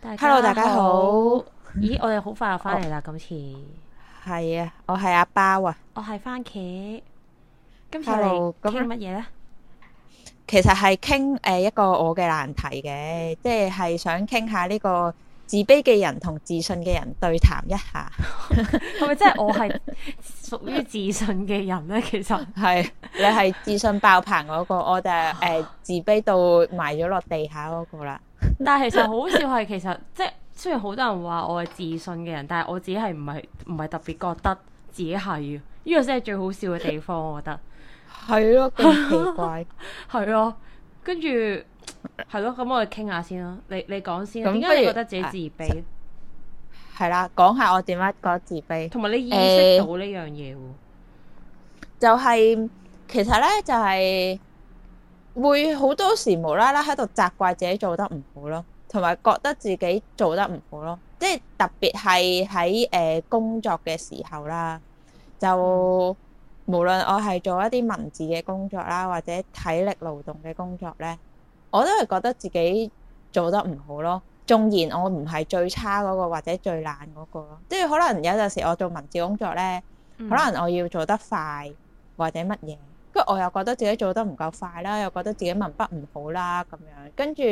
hello，, hello 大家好！咦，我哋好快就翻嚟啦，oh, 今次係啊，我係阿包啊，我係番茄。今次嚟傾乜嘢咧？其實係傾誒一個我嘅難題嘅，即係係想傾下呢個自卑嘅人同自信嘅人對談一下。係咪即係我係屬於自信嘅人咧？其實係 你係自信爆棚嗰、嗰個，我就誒、呃、自卑到埋咗落地下嗰個啦。 但係其實好笑係，其實即係雖然好多人話我係自信嘅人，但係我自己係唔係唔係特別覺得自己係，呢個先係最好笑嘅地方， 我覺得係咯，好奇怪，係咯， 跟住係咯，咁我哋傾下先啦，你你講先，點解你覺得自己自卑？哎、係啦，講下我點解覺得自卑，同埋你意識到呢樣嘢喎，就係，其實咧就係。會好多時無啦啦喺度責怪自己做得唔好咯，同埋覺得自己做得唔好咯，即係特別係喺誒工作嘅時候啦，就無論我係做一啲文字嘅工作啦，或者體力勞動嘅工作咧，我都係覺得自己做得唔好咯。縱然我唔係最差嗰個或者最懶嗰個咯，即係可能有陣時我做文字工作咧，可能我要做得快或者乜嘢。我又覺得自己做得唔夠快啦，又覺得自己文筆唔好啦，咁樣跟住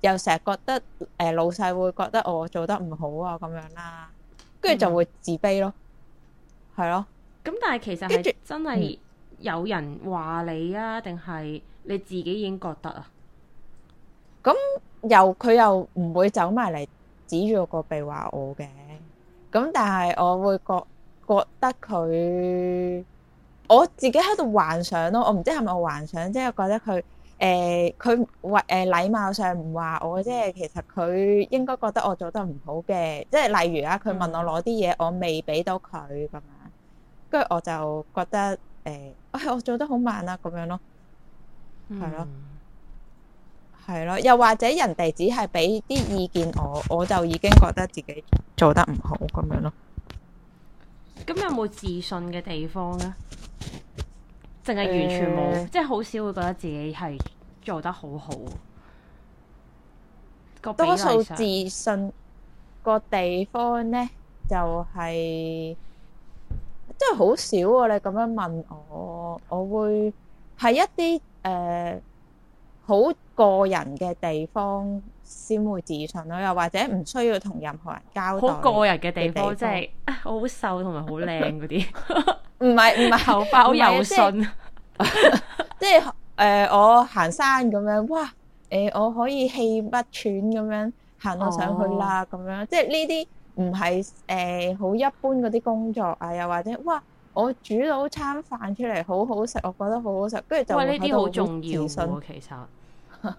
又成日覺得誒、呃、老細會覺得我做得唔好啊咁樣啦，跟住就會自卑咯，係、嗯、咯。咁但係其實係真係有人話你啊，定係、嗯、你自己已經覺得啊？咁、嗯、又佢又唔會走埋嚟指住我個鼻話我嘅，咁但係我會覺得覺得佢。我自己喺度幻想咯，我唔知係咪我幻想，即係覺得佢誒，佢、呃、為誒禮、呃、貌上唔話我，即係其實佢應該覺得我做得唔好嘅，即係例如啊，佢問我攞啲嘢，我未俾到佢咁樣，跟住我就覺得誒、呃哎，我做得好慢啊，咁樣咯，係咯、嗯，係咯，又或者人哋只係俾啲意見我，我就已經覺得自己做得唔好咁樣咯。咁有冇自信嘅地方咧？淨係完全冇，嗯、即係好少會覺得自己係做得好好。多數自信個地方呢，就係即係好少、啊。你咁樣問我，我會係一啲誒好個人嘅地方先會自信咯。又或者唔需要同任何人交代。好個人嘅地方，即係我好瘦同埋好靚嗰啲。 唔係唔係後發好有信，即係誒，我行山咁樣，哇！誒，我可以氣不喘咁樣行到上去啦，咁樣即係呢啲唔係誒好一般嗰啲工作啊，又或者哇，我煮到餐飯出嚟好好食，我覺得好好食，跟住就。哇！呢啲好重要信其實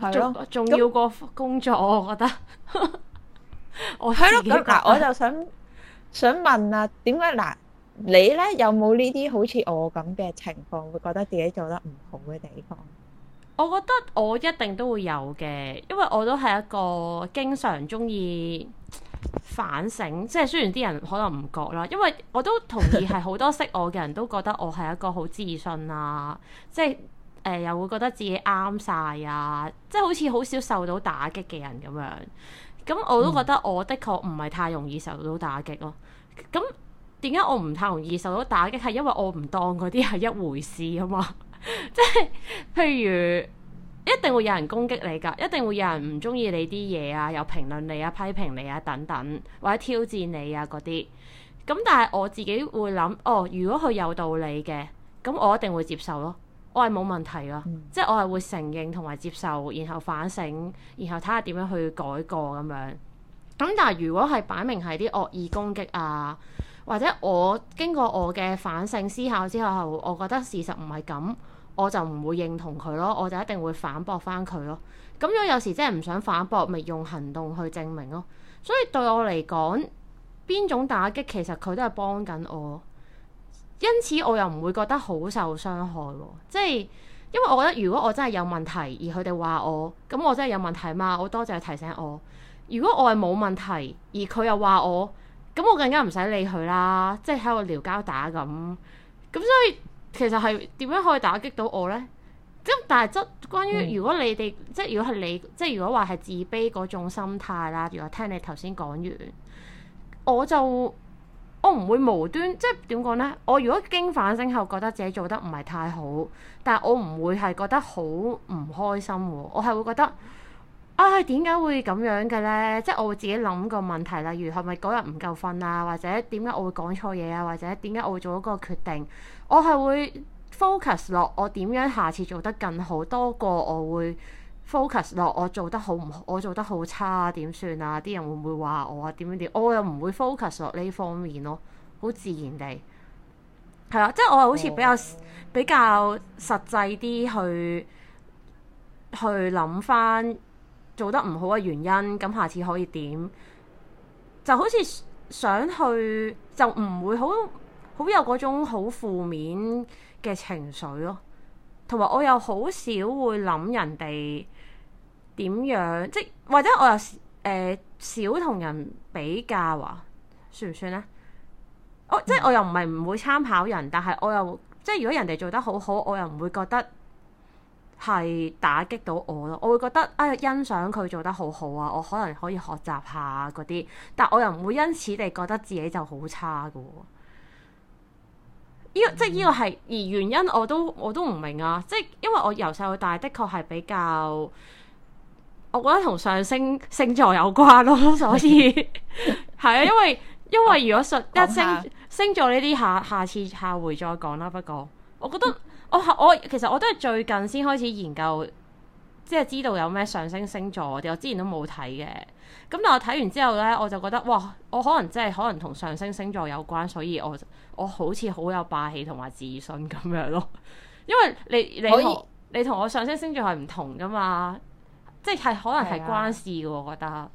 係咯，重要過工作，我覺得。係咯，嗱，我就想想問啊，點解嗱？你呢？有冇呢啲好似我咁嘅情況，會覺得自己做得唔好嘅地方？我覺得我一定都會有嘅，因為我都係一個經常中意反省，即係雖然啲人可能唔覺啦，因為我都同意係好多識我嘅人都覺得我係一個好自信啊， 即係、呃、又會覺得自己啱晒，啊，即係好似好少受到打擊嘅人咁樣。咁我都覺得我的確唔係太容易受到打擊咯，啊。咁，嗯嗯點解我唔太容易受到打擊？係因為我唔當嗰啲係一回事啊、 就是嘛，即係譬如一定會有人攻擊你噶，一定會有人唔中意你啲嘢啊，有評論你啊，批評你啊，等等或者挑戰你啊嗰啲。咁但係我自己會諗哦，如果佢有道理嘅，咁我一定會接受咯，我係冇問題咯，嗯、即係我係會承認同埋接受，然後反省，然後睇下點樣去改過咁樣。咁但係如果係擺明係啲惡意攻擊啊，或者我經過我嘅反省思考之後，我覺得事實唔係咁，我就唔會認同佢咯，我就一定會反駁返佢咯。咁樣有時真係唔想反駁，咪用行動去證明咯。所以對我嚟講，邊種打擊其實佢都係幫緊我，因此我又唔會覺得好受傷害。即係因為我覺得如果我真係有問題，而佢哋話我，咁我真係有問題嘛？我多謝提醒我。如果我係冇問題，而佢又話我。咁我更加唔使理佢啦，即係喺度撩交打咁，咁所以其實係點樣可以打擊到我呢？咁但係即關於如果你哋、嗯、即係如果係你即係如果話係自卑嗰種心態啦，如果聽你頭先講完，我就我唔會無端即係點講呢？我如果經反省後，覺得自己做得唔係太好，但係我唔會係覺得好唔開心，我係會覺得。啊，點解會咁樣嘅咧？即係我會自己諗個問題，例如係咪嗰日唔夠瞓啊，或者點解我會講錯嘢啊，或者點解我會做一個決定？我係會 focus 落我點樣下次做得更好，多過我會 focus 落我做得好唔好，我做得好差啊，點算啊？啲人會唔會話我啊？點樣點？我又唔會 focus 落呢方面咯，好自然地係啊。即係我係好似比較、哦、比較實際啲去去諗翻。做得唔好嘅原因，咁下次可以點？就好似想去，就唔會好好有嗰種好負面嘅情緒咯、哦。同埋我又好少會諗人哋點樣，即係或者我又誒、呃、少同人比較啊？算唔算咧？我、哦、即係我又唔係唔會參考人，但係我又即係如果人哋做得好好，我又唔會覺得。係打擊到我咯，我會覺得啊、哎，欣賞佢做得好好啊，我可能可以學習下嗰、啊、啲，但我又唔會因此地覺得自己就好差噶、啊。呢、這個即係呢個係而原因我，我都我都唔明啊！即係因為我由細到大的確係比較，我覺得同上升星座有關咯，所以係啊， 因為因為如果說一星、啊、星座呢啲下下次下回再講啦。不過我覺得。嗯哦、我其實我都係最近先開始研究，即係知道有咩上升星座啲，我之前都冇睇嘅。咁但我睇完之後呢，我就覺得哇，我可能即係可能同上升星座有關，所以我我好似好有霸氣同埋自信咁樣咯。因為你你同可以你同我上升星座係唔同噶嘛，即係可能係關事嘅。是啊、我覺得。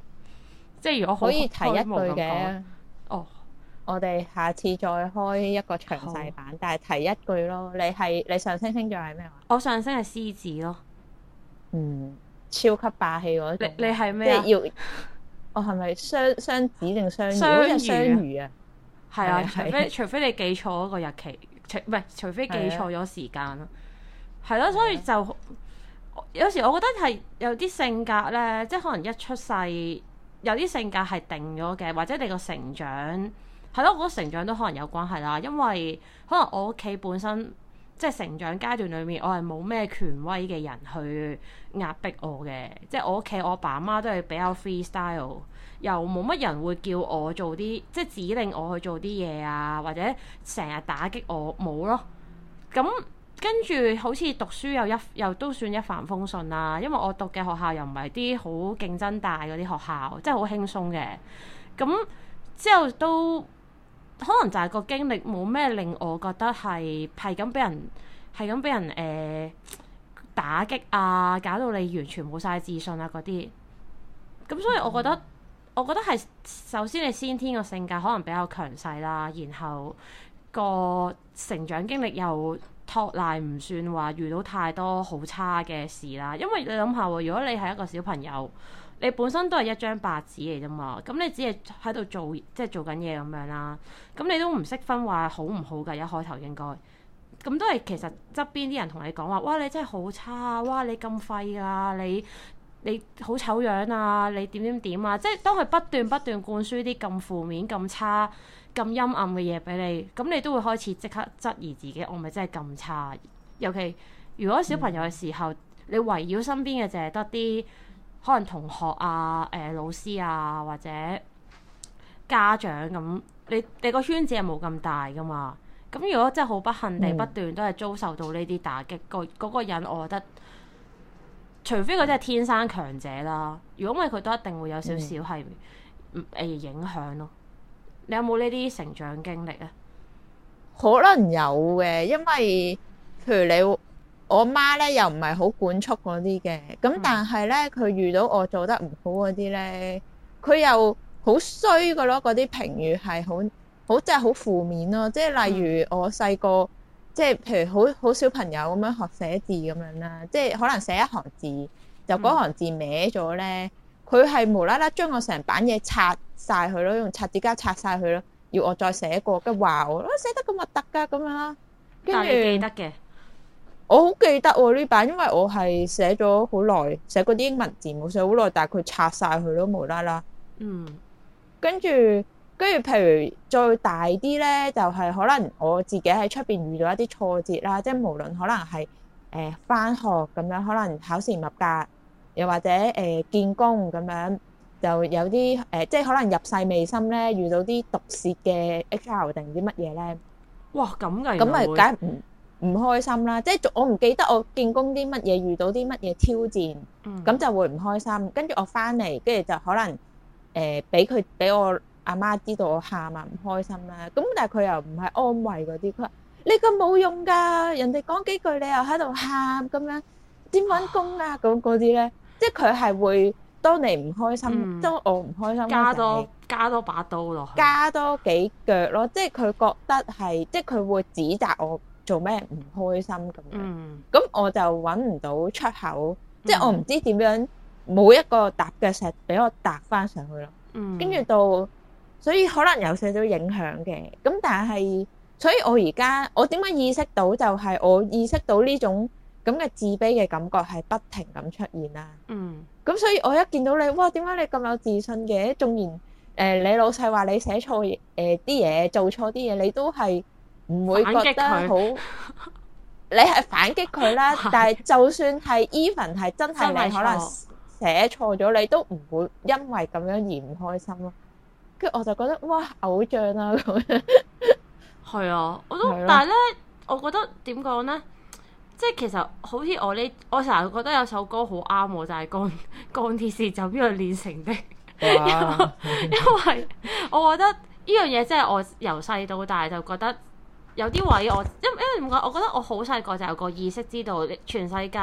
即係如果可以睇。一句嘅，哦。我哋下次再開一個詳細版。哦、但係提一句咯。你係你上升星座係咩話？我上升係獅子咯，嗯，超級霸氣嗰種，你你係咩？要 我係咪雙雙子定雙魚？雙魚啊，係啊係。咩、啊啊？除非你記錯嗰個日期，除唔係除非記錯咗時間咯。係咯，啊啊，所以就有時我覺得係有啲性格咧，即係可能一出世有啲性格係定咗嘅，或者你個成長。係咯，我覺得成長都可能有關係啦。因為可能我屋企本身即係成長階段裏面，我係冇咩權威嘅人去壓迫我嘅。即係我屋企，我爸媽都係比較 freestyle，又冇乜人會叫我做啲即係指令我去做啲嘢啊，或者成日打擊我冇咯。咁跟住好似讀書又一又都算一帆風順啦。因為我讀嘅學校又唔係啲好競爭大嗰啲學校，即係好輕鬆嘅。咁之後都。可能就係個經歷冇咩令我覺得係係咁俾人係咁俾人誒、呃、打擊啊，搞到你完全冇晒自信啊嗰啲。咁所以我覺得，嗯、我覺得係首先你先天個性格可能比較強勢啦，然後個成長經歷又托賴唔算話遇到太多好差嘅事啦。因為你諗下、啊，如果你係一個小朋友。你本身都係一張白紙嚟啫嘛，咁你只係喺度做，即係做緊嘢咁樣啦。咁你都唔識分話好唔好㗎，一開頭應該咁都係其實側邊啲人同你講話，哇你真係好差，哇你咁廢啊，你你，你好醜樣啊，你點點點啊，即係當佢不斷不斷灌輸啲咁負面、咁差、咁陰暗嘅嘢俾你，咁你都會開始即刻質疑自己，我咪真係咁差？尤其如果小朋友嘅時候，嗯、你圍繞身邊嘅就係得啲。可能同學啊、誒、呃、老師啊或者家長咁，你你個圈子係冇咁大㗎嘛？咁如果真係好不幸地不斷都係遭受到呢啲打擊，嗰嗰、嗯、個人我覺得，除非佢真係天生強者啦。如果唔係，佢都一定會有少少係誒影響咯、啊。你有冇呢啲成長經歷啊？可能有嘅，因為譬如你。我媽咧又唔係好管束嗰啲嘅，咁、嗯、但係咧佢遇到我做得唔好嗰啲咧，佢又好衰噶咯，嗰啲評語係好好即係好負面咯。即係例如我細個，即係譬如好好小朋友咁樣學寫字咁樣啦，即係可能寫一行字就嗰行字歪咗咧，佢係無啦啦將我成版嘢擦晒佢咯，用擦紙膠擦晒佢咯，要我再寫過。跟住話，我寫得咁核突噶咁樣啦，跟住記得嘅。我好記得呢版，因為我係寫咗好耐，寫嗰啲英文字母，我寫好耐，但佢拆曬佢都無啦啦。嗯，跟住跟住，譬如再大啲咧，就係可能我自己喺出邊遇到一啲挫折啦，即係無論可能係誒翻學咁樣，可能考試唔合格，又或者誒見工咁樣，就有啲誒，即係可能入世未深咧，遇到啲毒舌嘅 HR 定啲乜嘢咧。哇，咁嘅咁咪梗係唔～唔開心啦，即係我唔記得我見工啲乜嘢，遇到啲乜嘢挑戰，咁就會唔開心。跟住我翻嚟，跟住就可能誒俾佢俾我阿媽知道我喊啊唔開心啦。咁但係佢又唔係安慰嗰啲，佢話你個冇用㗎，人哋講幾句你又喺度喊咁樣點搵工啊？咁嗰啲咧，即係佢係會當你唔開心，當我唔開心，加多加多把刀咯，加多幾腳咯，即係佢覺得係即係佢會指責我。做咩唔開心咁？嗯，咁我就揾唔到出口，即係我唔知點樣，冇一個踏腳石俾我踏翻上去咯。嗯，跟住到，所以可能有少少影響嘅。咁但係，所以我而家我點解意識到就係我意識到呢種咁嘅自卑嘅感覺係不停咁出現啦。嗯，咁所以我一見到你，哇，點解你咁有自信嘅？縱然誒，你老細話你寫錯誒啲嘢，做錯啲嘢，你都係。唔會覺得反擊佢好，你係反擊佢啦。但係就算係 even 係真係可能寫錯咗，你都唔會因為咁樣而唔開心咯。跟住我就覺得哇，偶像啦咁樣，係啊，我都，但係咧，我覺得點講咧？即係其實好似我呢，我成日覺得有首歌好啱我，就係《鋼鋼鐵是怎樣煉成的》。因為我覺得呢樣嘢即係我由細到大就覺得。有啲位我，因因為點解？我覺得我好細個就有個意識，知道全世界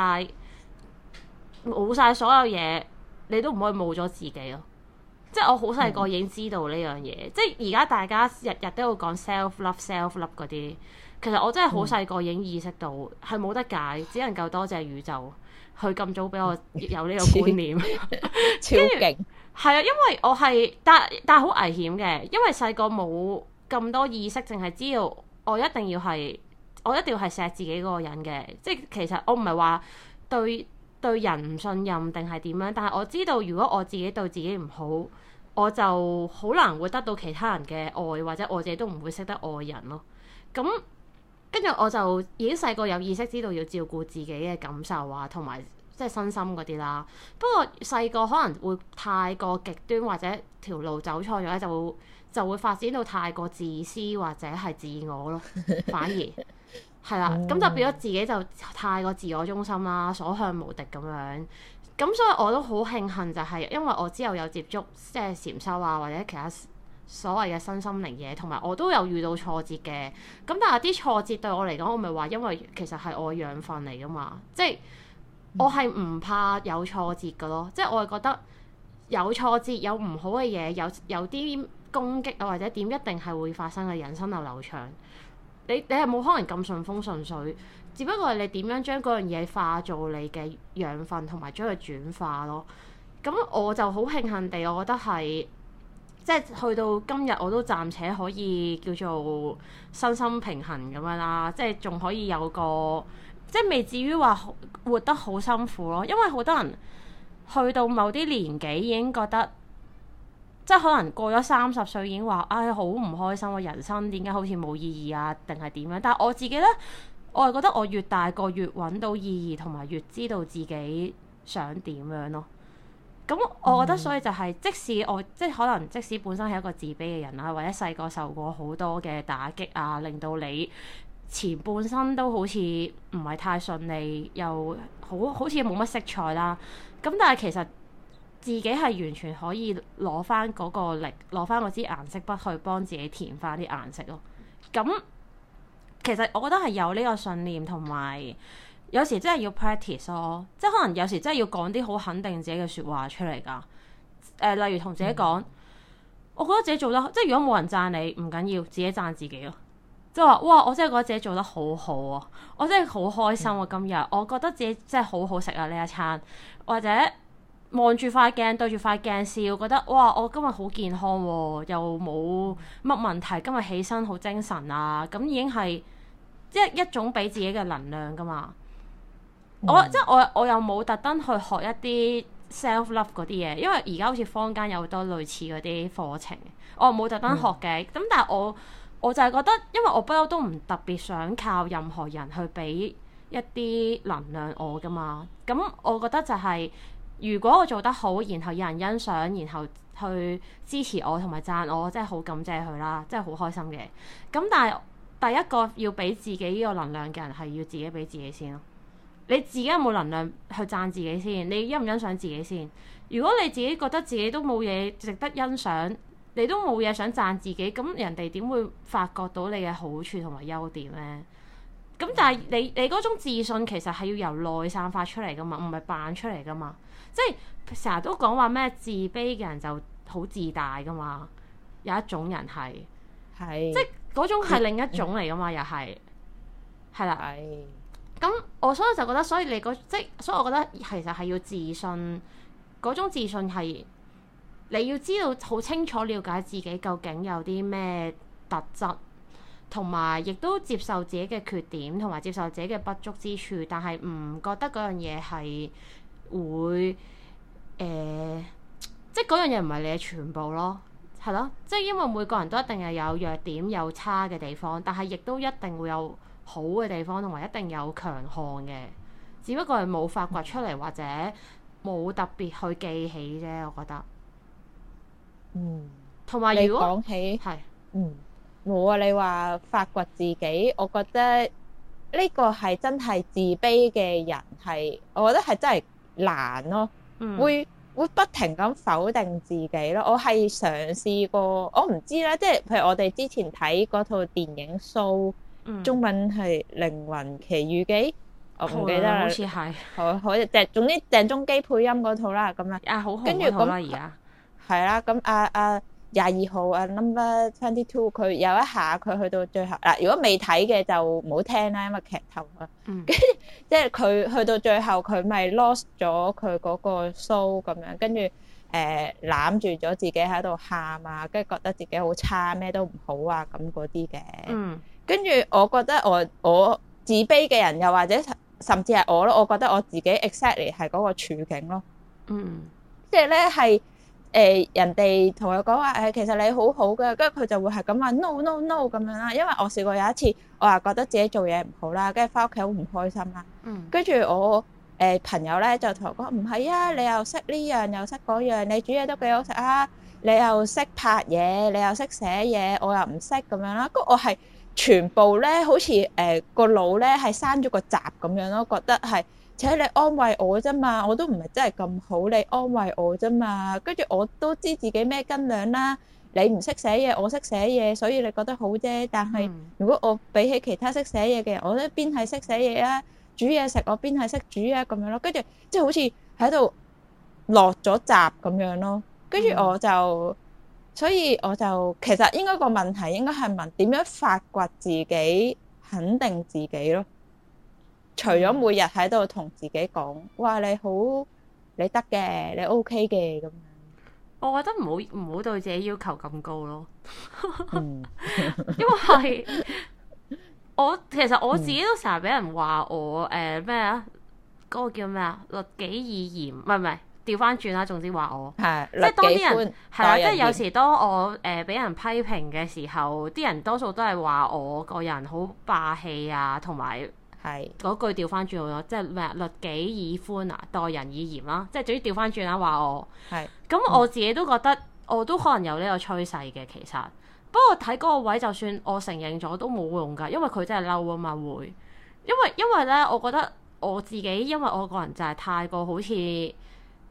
冇晒所有嘢，你都唔可以冇咗自己咯。即係我好細個已經知道呢樣嘢。嗯、即係而家大家日日都要講 self love self love 嗰啲，其實我真係好細個已經意識到係冇、嗯、得解，只能夠多謝宇宙佢咁早俾我有呢個觀念， 超勁，跟住係啊。因為我係但但係好危險嘅，因為細個冇咁多意識，淨係知道。我一定要係，我一定要係錫自己嗰個人嘅，即係其實我唔係話對對人唔信任定係點樣，但係我知道如果我自己對自己唔好，我就好難會得到其他人嘅愛，或者我自己都唔會識得愛人咯。咁跟住我就已經細個有意識知道要照顧自己嘅感受啊，同埋。即係身心嗰啲啦，不過細個可能會太過極端，或者條路走錯咗，就會就會發展到太過自私或者係自我咯，反而係啦。咁就變咗自己就太過自我中心啦，所向無敵咁樣。咁所以我都好慶幸就係，因為我之後有接觸即係禪修啊，或者其他所謂嘅身心靈嘢，同埋我都有遇到挫折嘅。咁但係啲挫折對我嚟講，我咪話因為其實係我養分嚟噶嘛，即係。我係唔怕有挫折噶咯，即係我係覺得有挫折、有唔好嘅嘢、有有啲攻擊啊或者點，一定係會發生嘅，人生流流長。你你係冇可能咁順風順水，只不過係你點樣將嗰樣嘢化做你嘅養分，同埋將佢轉化咯。咁我就好慶幸地，我覺得係即係去到今日，我都暫且可以叫做身心平衡咁樣啦，即係仲可以有個。即係未至於話活得好辛苦咯，因為好多人去到某啲年紀已經覺得，即係可能過咗三十歲已經話，唉、哎，好唔開心，人生點解好似冇意義啊？定係點樣？但係我自己呢，我係覺得我越大個越搵到意義，同埋越知道自己想點樣咯。咁我覺得所以就係，即使我、嗯、即係可能，即使本身係一個自卑嘅人啊，或者細個受過好多嘅打擊啊，令到你。前半生都好似唔係太順利，又好好似冇乜色彩啦。咁但係其實自己係完全可以攞翻嗰個力，攞翻嗰支顏色筆去幫自己填翻啲顏色咯。咁其實我覺得係有呢個信念，同埋有，有時真係要 practice 咯、啊。即係可能有時真係要講啲好肯定自己嘅説話出嚟㗎。誒、呃，例如同自己講，嗯、我覺得自己做得即係如果冇人讚你，唔緊要，自己讚自己咯、啊。即係話，哇！我真係覺得自己做得好好啊，我真係好開心啊！今日，我覺得自己真係好好食啊，呢一餐，或者望住塊鏡，對住塊鏡笑，覺得哇！我今日好健康、啊，又冇乜問題，今日起身好精神啊！咁已經係即係一種俾自己嘅能量噶嘛。嗯、我即係我我又冇特登去學一啲 self love 嗰啲嘢，因為而家好似坊間有好多類似嗰啲課程，我又冇特登學嘅。咁、嗯、但係我。我就係覺得，因為我不嬲都唔特別想靠任何人去俾一啲能量我噶嘛。咁我覺得就係，如果我做得好，然後有人欣賞，然後去支持我同埋讚我，真係好感謝佢啦，真係好開心嘅。咁但係第一個要俾自己呢個能量嘅人係要自己俾自己先咯。你自己有冇能量去讚自己先？你欣唔欣賞自己先？如果你自己覺得自己都冇嘢值得欣賞，你都冇嘢想讚自己，咁人哋點會發覺到你嘅好處同埋優點呢？咁但係你你嗰種自信其實係要由內散發出嚟噶嘛，唔係扮出嚟噶嘛。即係成日都講話咩自卑嘅人就好自大噶嘛，有一種人係係，是即係嗰種係另一種嚟噶嘛， 又係係啦。咁是我所以就覺得，所以你嗰即係所以，我覺得其實係要自信，嗰種自信係。你要知道好清楚了解自己究竟有啲咩特質，同埋亦都接受自己嘅缺點，同埋接受自己嘅不足之處。但係唔覺得嗰樣嘢係會誒、呃，即係嗰樣嘢唔係你嘅全部咯，係咯。即係因為每個人都一定係有弱點，有差嘅地方，但係亦都一定會有好嘅地方，同埋一定有強項嘅。只不過係冇發掘出嚟，或者冇特別去記起啫。我覺得。嗯，同埋魚你講起係，是嗯，冇啊！你話發掘自己，我覺得呢個係真係自卑嘅人係，我覺得係真係難咯、哦，嗯、會會不停咁否定自己咯。我係嘗試過，我唔知啦。即係譬如我哋之前睇嗰套電影《Soul》，中文係《靈魂奇遇記》，嗯，我唔記得啦，好似係，好，好，鄭，總之鄭中基配音嗰套啦，咁樣啊，好，好，跟住好啦，而家。係啦，咁啊，阿廿二號啊，Number Twenty Two，佢有一下佢去到最後嗱，如果未睇嘅就唔好聽啦，因為劇透啊，跟住即係佢去到最後，佢咪 lost 咗佢嗰個 show 咁樣，跟住誒攬住咗自己喺度喊啊，跟住覺得自己好差，咩都唔好啊，咁嗰啲嘅。嗯，跟住我覺得我我，我自卑嘅人，又或者甚至係我咯，我覺得我自己 exactly 係嗰個處境咯。嗯，嗯即係咧係。誒、欸、人哋同佢講話誒，其實你好好嘅，跟住佢就會係咁話 no no no 咁樣啦。因為我試過有一次，我話覺得自己做嘢唔好啦，跟住返屋企好唔開心啦。嗯。跟住我誒、呃、朋友咧就同我講唔係啊，你又識呢樣又識嗰樣，你煮嘢都幾好食啊，你又識拍嘢，你又識寫嘢，我又唔識咁樣啦。咁我係全部咧，好似誒、呃、個腦咧係生咗個閘咁樣咯，覺得係。且你安慰我啫嘛，我都唔係真係咁好，你安慰我啫嘛。跟住我都知自己咩斤兩啦。你唔識寫嘢，我識寫嘢，所以你覺得好啫。但係如果我比起其他識寫嘢嘅人，我一邊係識寫嘢啊，煮嘢食我邊係識煮啊，咁樣咯。跟住即係好似喺度落咗閘咁樣咯。跟住我就，所以我就其實應該個問題應該係問點樣發掘自己、肯定自己咯。除咗每日喺度同自己講，哇！你好，你得嘅，你 O K 嘅，咁我覺得唔好唔好對自己要求咁高咯， 因為 我其實我自己都成日俾人話我誒咩啊？嗰、嗯呃嗰個叫咩啊？律己以嚴，唔係唔係，調翻轉啦。總之話我係是即係當啲人係、啊、即係有時當我誒俾、呃、人批評嘅時候，啲人多數都係話我個人好霸氣啊，同埋。係嗰是句調翻轉咗，即係律己以寬啊，待人以嚴啦、啊。即係總之調翻轉啦，話我係咁，是我自己都覺得、嗯、我都可能有呢個趨勢嘅。其實，不過睇嗰個位，就算我承認咗都冇用噶，因為佢真係嬲啊嘛。會因為因為咧，我覺得我自己，因為我個人就係太過好似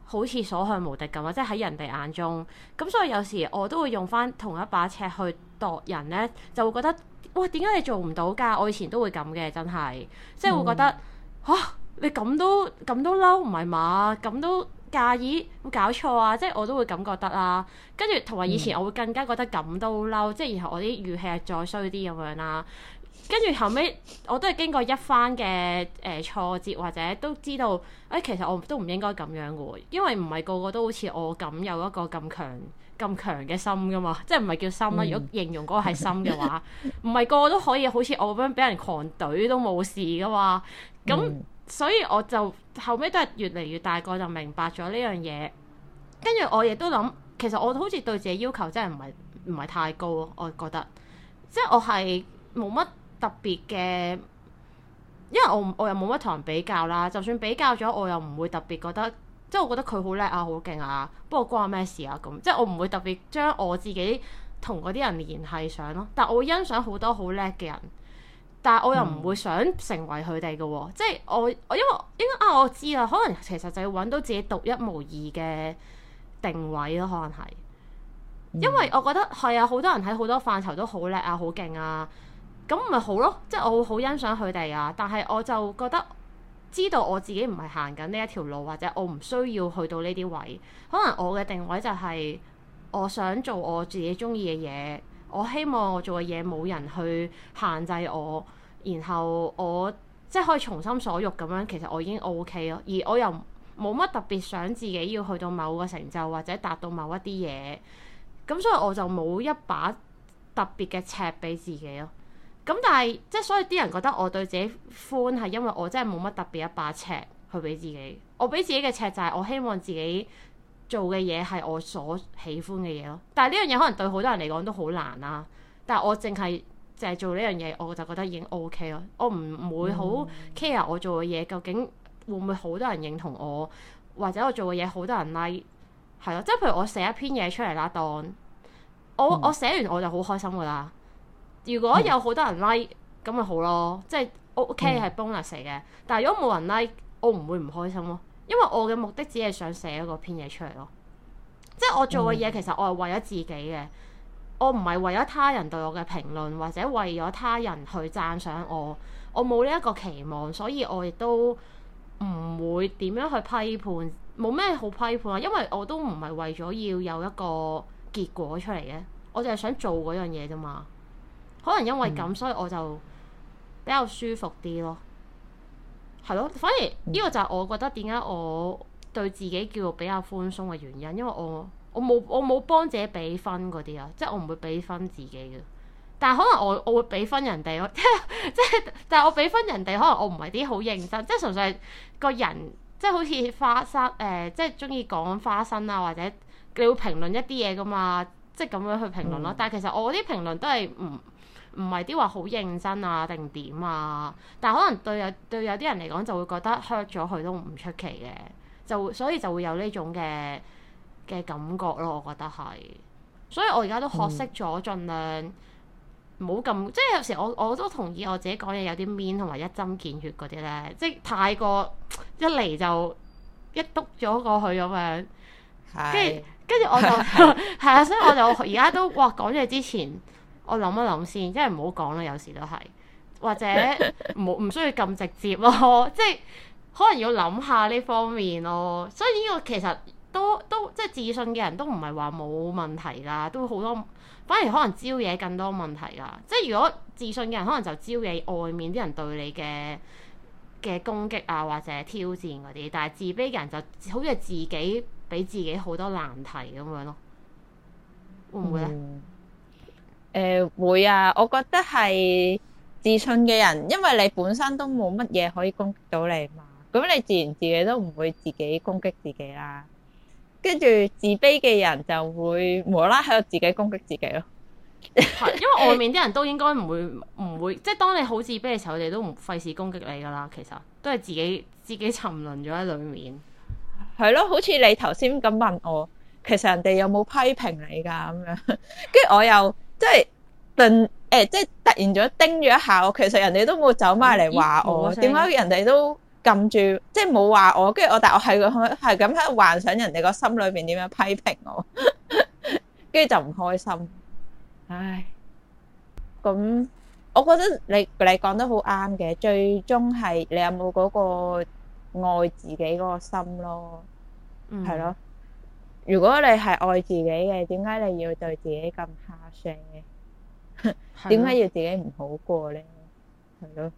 好似所向無敵咁，即係喺人哋眼中，咁所以有時我都會用翻同一把尺去度人咧，就會覺得。哇，點解你做唔到㗎？我以前都會咁嘅，真係，即係會覺得吓、嗯啊、你咁都咁都嬲，唔係嘛？咁都介意，會搞錯啊！即係我都會咁覺得啦、啊。跟住同埋以前，我會更加覺得咁都嬲，嗯、即係然後我啲語氣再衰啲咁樣啦、啊。跟住後尾我都係經過一番嘅誒、呃、挫折，或者都知道，哎，其實我都唔應該咁樣嘅、啊、因為唔係個個都好似我咁有一個咁強。咁強嘅心㗎嘛，即係唔係叫心啦？嗯、如果形容嗰個係心嘅話，唔係 個個都可以好似我咁樣俾人狂懟都冇事㗎嘛。咁、嗯、所以我就後尾都係越嚟越大個就明白咗呢樣嘢。跟住我亦都諗，其實我好似對自己要求真係唔係唔係太高咯。我覺得即係、即係、我係冇乜特別嘅，因為我我又冇乜同人比較啦。就算比較咗，我又唔會特別覺得。即係我覺得佢好叻啊，好勁啊，不過關我咩事啊？咁即係我唔會特別將我自己同嗰啲人聯繫上咯。但我會欣賞好多好叻嘅人，但係我又唔會想成為佢哋嘅喎。即係、嗯、我因為應該啊，我知啦。可能其實就要揾到自己獨一無二嘅定位咯。可能係因為我覺得係、嗯、啊，好多人喺好多範疇都好叻啊，好勁啊，咁咪好咯。即、就、係、是、我會好欣賞佢哋啊，但係我就覺得。知道我自己唔係行緊呢一條路，或者我唔需要去到呢啲位。可能我嘅定位就係我想做我自己中意嘅嘢，我希望我做嘅嘢冇人去限制我，然後我即係、就是、可以從心所欲咁樣。其實我已經 OK 咯，而我又冇乜特別想自己要去到某個成就或者達到某一啲嘢。咁所以我就冇一把特別嘅尺俾自己咯。咁但係即係所以啲人覺得我對自己寬，係因為我真係冇乜特別一把尺去俾自己，我俾自己嘅尺就係我希望自己做嘅嘢係我所喜歡嘅嘢咯。但係呢樣嘢可能對好多人嚟講都好難啦、啊。但係我淨係淨係做呢樣嘢，我就覺得已經 OK 咯。我唔唔會好 care 我做嘅嘢究竟會唔會好多人認同我，或者我做嘅嘢好多人 like 係咯。即係、就是、譬如我寫一篇嘢出嚟啦，當我我寫完我就好開心噶啦。如果有好多人 like 咁咪、嗯、好咯，即係 O K 係 bonus 嚟嘅。但係如果冇人 like，我唔會唔開心咯、啊，因為我嘅目的只係想寫一個篇嘢出嚟咯。即係我做嘅嘢、嗯、其實我係為咗自己嘅，我唔係為咗他人對我嘅評論或者為咗他人去讚賞我，我冇呢一個期望，所以我亦都唔會點樣去批判，冇咩好批判啊。因為我都唔係為咗要有一個結果出嚟嘅，我就係想做嗰樣嘢啫嘛。可能因為咁，所以我就比較舒服啲咯，係咯。反而呢個就係我覺得點解我對自己叫比較寬鬆嘅原因，因為我我冇我冇幫自己俾分嗰啲啊，即係我唔會俾分自己嘅。但係可能我我會俾分人哋，即即係。但係我俾分人哋，可能我唔係啲好認真，即係純粹係個人，即係好似花生誒、呃，即係中意講花生啊，或者你會評論一啲嘢㗎嘛，即係咁樣去評論咯。嗯、但係其實我啲評論都係唔～唔係啲話好認真啊，定點啊？但可能對有對有啲人嚟講就會覺得 hurt 咗佢都唔出奇嘅，就所以就會有呢種嘅嘅感覺咯。我覺得係，所以我而家都學識咗，嗯、盡量冇咁即係有時我我都同意我自己講嘢有啲 mean 同埋一針見血嗰啲咧，即係太過一嚟就一篤咗過去咁樣。係跟住我就係啊， 所以我就而家都哇講嘢之前。我諗一諗先，因為唔好講啦，有時都係或者唔唔需要咁直接咯，即 係、即係、可能要諗下呢方面咯。所以呢個其實都都即係自信嘅人都唔係話冇問題啦，都好多反而可能招惹更多問題噶。即係如果自信嘅人可能就招惹外面啲人對你嘅嘅攻擊啊或者挑戰嗰啲，但係自卑嘅人就好似自己俾自己好多難題咁樣咯，會唔會咧？嗯會啊，我覺得係自信嘅人，因為你本身都冇乜嘢可以攻擊到你嘛，咁你自然自己都唔會自己攻擊自己啦。跟住自卑嘅人就會無啦啦喺度自己攻擊自己咯。係，因為外面啲人都應該唔會唔 會，即係當你好自卑嘅時候，人哋都唔費事攻擊你噶啦。其實都係自己自己沉淪咗喺裏面。係咯，好似你頭先咁問我，其實人哋有冇批評你噶咁樣？跟 住我又即係。頓誒，即係突然咗叮咗一下。其實人哋都冇走埋嚟話我，點解人哋都撳住，即係冇話我？跟住我，但係我係佢，係咁喺幻想人哋個心裏邊點樣批評我，跟住就唔開心。唉，咁我覺得你你講得好啱嘅，最終係你有冇嗰個愛自己嗰個心咯，係咯。如果你係愛自己嘅，點解你要對自己咁 harsh 嘅？點解 要自己唔好過呢？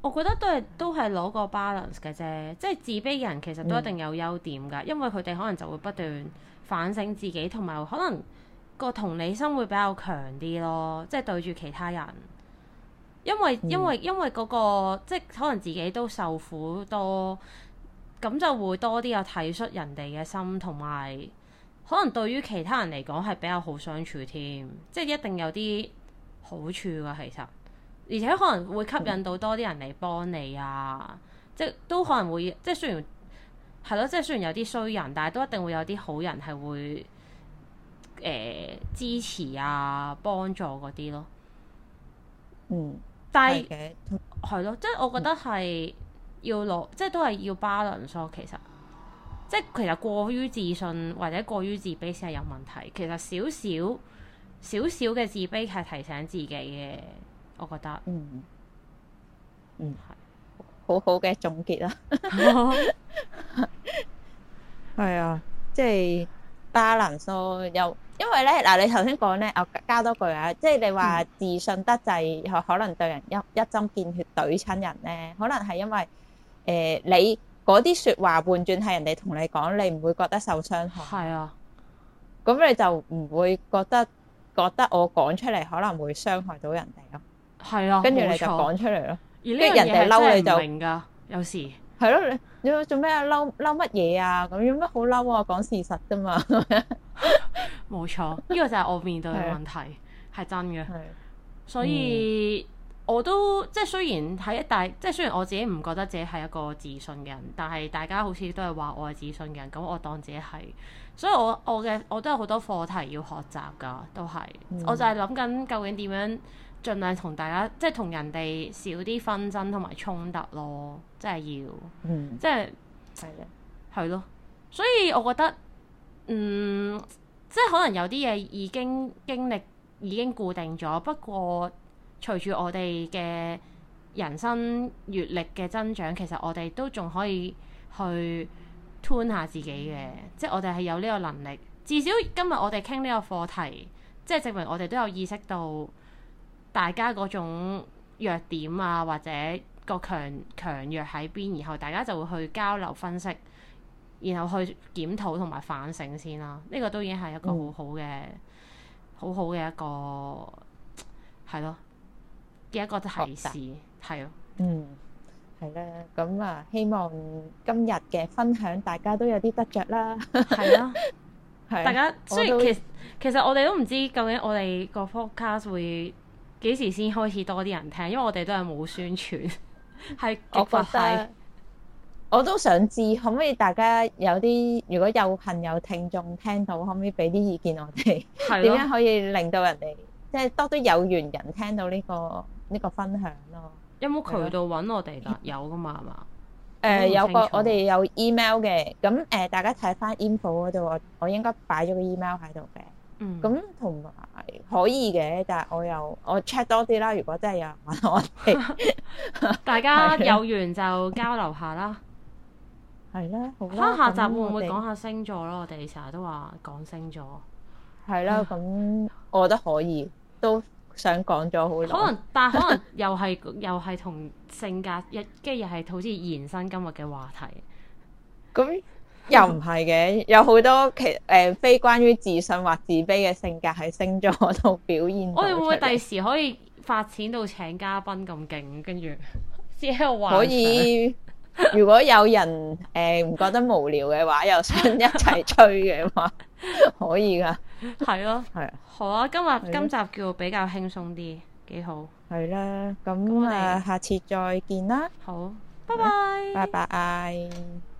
我覺得都係都係攞個 balance 嘅啫。即係自卑嘅人其實都一定有優點噶，嗯、因為佢哋可能就會不斷反省自己，同埋可能個同理心會比較強啲咯。即係對住其他人，因為因為、嗯、因為嗰個即係可能自己都受苦多，咁就會多啲有體恤人哋嘅心，同埋可能對於其他人嚟講係比較好相處添。即係一定有啲。好處啊，其實，而且可能會吸引到多啲人嚟幫你啊，嗯、即都可能會，即係雖然係咯，即係雖然有啲衰人，但係都一定會有啲好人係會誒、呃、支持啊、幫助嗰啲咯。嗯，但係係咯，即係我覺得係要攞，即係都係要 balance 咯。其實，即係其實過於自信或者過於自卑先係有問題。其實少少。少少嘅自卑係提醒自己嘅，我覺得，嗯，嗯係，好好嘅總結啊，係啊，即係巴林蘇又，因為咧嗱，你頭先講咧，我加多句啊，即係你話自信得滯，可能對人一一針見血懟親人咧，可能係因為誒你嗰啲說話換轉係人哋同你講，你唔會覺得受傷害？係啊，咁你就唔會覺得？覺得我講出嚟可能會傷害到人哋咯，係啊的，跟住你就講出嚟咯，跟住錯人哋嬲你就明㗎，有時係咯，你，你做做咩啊嬲嬲乜嘢啊？咁有咩好嬲啊？講事實啫嘛，冇 錯，呢、呢個就係我面對嘅問題，係的真嘅，的所以。嗯我都即係雖然喺一大，即係雖然我自己唔覺得自己係一個自信嘅人，但係大家好似都係話我係自信嘅人，咁我當自己係，所以我我嘅我都有好多課題要學習㗎，都係，嗯、我就係諗緊究竟點樣盡量同大家即係同人哋少啲紛爭同埋衝突咯，即係要，嗯、即係係啊，係咯的，所以我覺得，嗯，即係可能有啲嘢已經經歷已經固定咗，不過。隨住我哋嘅人生閲歷嘅增長，其實我哋都仲可以去吞下自己嘅，即係我哋係有呢個能力。至少今日我哋傾呢個課題，即係證明我哋都有意識到大家嗰種弱點啊，或者個強強弱喺邊，然後大家就會去交流分析，然後去檢討同埋反省先啦。呢、這個都已經係一個好、嗯、好嘅、好好嘅一個係咯。嘅一個提示係咯定，嗯，係啦，咁啊，希望今日嘅分享大家都有啲得着啦，係咯 的，係。大家，所以都其實其實我哋都唔知究竟我哋個 podcast 會幾時先開始多啲人聽，因為我哋都係冇宣傳。係， 我覺得我都想知可唔可以大家有啲如果有朋友聽眾聽到，可唔可以俾啲意見我哋？係點樣可以令到人哋即係多啲有緣人聽到呢、呢個？呢個分享咯，有冇渠道揾我哋㗎？嗯、有㗎嘛？係嘛？誒、呃、有個我哋有 email 嘅，咁誒、呃、大家睇翻 info 嗰度，我我應該擺咗個 email 喺度嘅。嗯，咁同埋可以嘅，但係我又我 check 多啲啦。如果真係有人揾我哋， 大家有緣就交流下啦。係啦， 好嘅，翻下集會唔會講下星座咯？我哋成日都話講星座，係啦。 咁我覺得可以都。想講咗好耐，可能但係可能又係 又係同性格一，跟住又係好似延伸今日嘅話題。咁 又唔係嘅，有好多其誒、呃、非關於自信或自卑嘅性格喺星座度表現。我哋會唔會第時可以發展到請嘉賓咁勁？跟住自己幻想可以，如果有人誒唔、呃、覺得無聊嘅話，又想一齊吹嘅話。 可以噶，係咯，係啊， 啊，好啊，今日、啊、今集叫比較輕鬆啲，幾好，係啦，咁啊，啊下次再見啦，好，拜拜，拜拜來。Bye bye